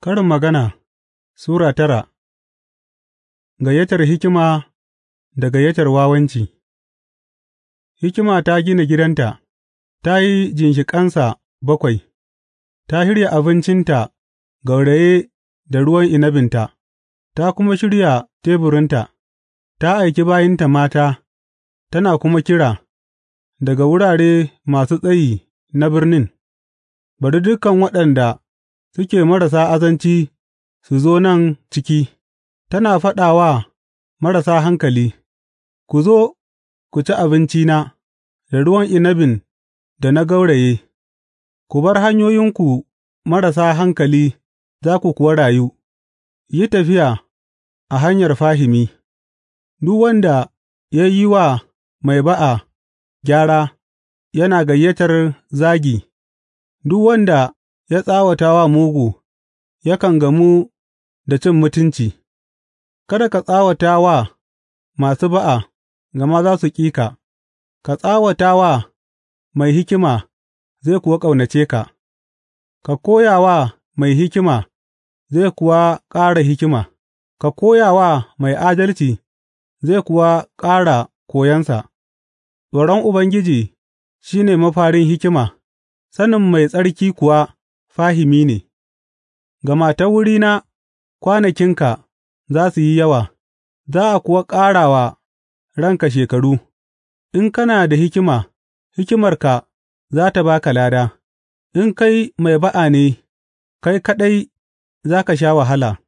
Karin Magana Sura tara Gayyatar hikima da gayyatar wawanci Hikima ta gina gidanta, ta yi ginshiƙansa bakwai, ta shirya abincinta gauraye da ruwan inabinta, ta kuma shirya teburinta, ta aiki bayinta mata, tana kuma kira daga wurare masu tsayi na birnin, Bari dukan waɗanda suke marasa azanci su zo nan ciki, tana faɗa wa marasa hankali, Ku zo, ku ci abincina da ruwan inabin da na gauraye, ku bar hanyoyinku marasa hankali za ku kuwa rayu, yi tafiya a hanyar fahimi, duk wanda ya yi wa mai ba'a gyara yana gayyatar zagi, duk wanda ya tsawata wa mugu, yakan gamu da cin mutunci; kada ka tsawata wa masu ba'a, gama za su ƙi ka, ka tsawata wa mai hikima zai kuwa ƙaunace ka, ka koya wa mai hikima zai kuwa ƙara hikima, ka koya wa mai adalci zai kuwa ƙara koyonsa, tsoron Ubangiji shi ne mafarin hikima, sanin Mai Tsarki kuwa. fahimi ne, gama ta wurina kwanakinka za su yi yawa, za a kuwa ƙara wa ranka shekaru; in kana da hikima, hikimarka za tă ba ka lada, in kai mai ba'a ne, kai kaɗai za ka sha wahala;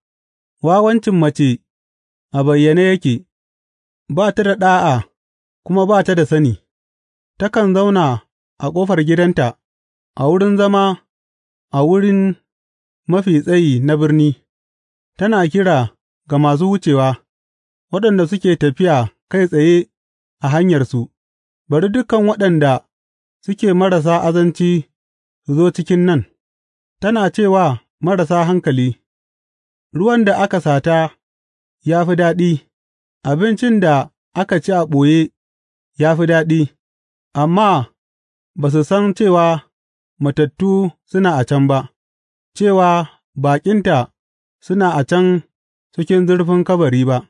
wawancin mace a bayyane yake, ba ta da ɗa'a kuma ba ta da sani, takan zauna a ƙofar gidanta, a wurin zama a wurin mafi tsayi na birni, tana kira ga masu wucewa, waɗanda suke tafiya kai tsaye a hanyarsu, Bari dukan waɗanda suke marasa azanci su zo cikin nan, tana cewa marasa hankali, Ruwan da aka sata ya fi daɗi, abincin da aka ci a ɓoye ya fi daɗi, amma ba su san cewa matattu suna a can ba, cewa baƙinta suna a can cikin zurfin kabari ba.